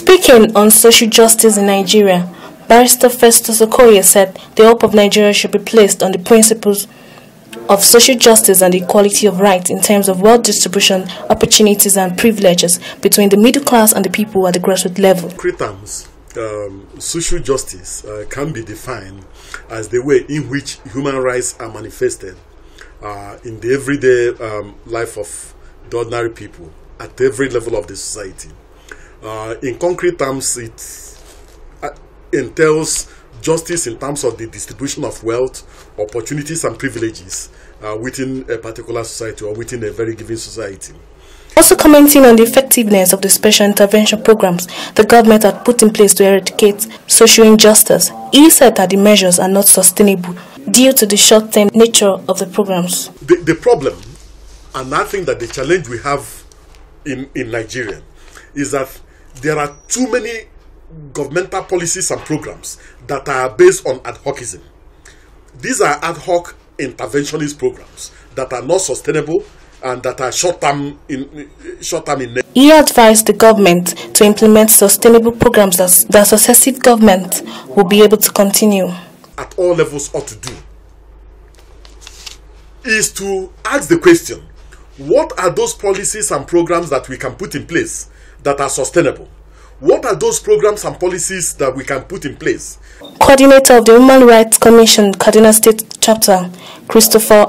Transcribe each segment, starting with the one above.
Speaking on social justice in Nigeria, Barrister Festus Okoye said the hope of Nigeria should be placed on the principles of social justice and equality of rights in terms of wealth distribution, opportunities and privileges between the middle class and the people at the grassroots level. Cretans. Um, social justice uh, can be defined as the way in which human rights are manifested uh, in the everyday um, life of the ordinary people at every level of the society. Uh, in concrete terms, it uh, entails justice in terms of the distribution of wealth, opportunities, and privileges uh, within a particular society or within a very given society. Also commenting on the effectiveness of the special intervention programs the government had put in place to eradicate social injustice, he said that the measures are not sustainable due to the short-term nature of the programs. The, the problem, and I think that the challenge we have in, in Nigeria, is that there are too many governmental policies and programs that are based on ad hocism. These are ad hoc interventionist programs that are not sustainable and that are short-term in short-term in He advised the government to implement sustainable programs that, that successive government will be able to continue. At all levels ought to do is to ask the question, what are those policies and programs that we can put in place that are sustainable. What are those programs and policies that we can put in place? Coordinator of the Human Rights Commission, Cardinal State Chapter, Christopher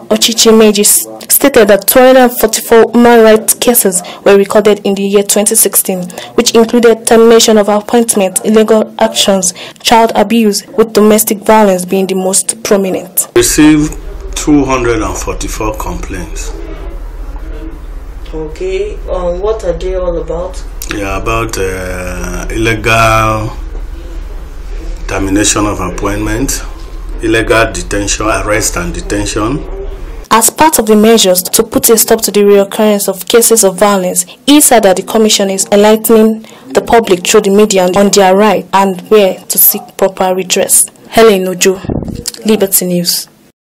Mages, stated that 244 human rights cases were recorded in the year 2016, which included termination of appointment, illegal actions, child abuse, with domestic violence being the most prominent. Received 244 complaints. Okay, um, what are they all about? Yeah, about uh, illegal termination of appointment, illegal detention, arrest and detention. As part of the measures to put a stop to the reoccurrence of cases of violence, he said that the Commission is enlightening the public through the media on their right and where to seek proper redress. Helen Ojo, Liberty News.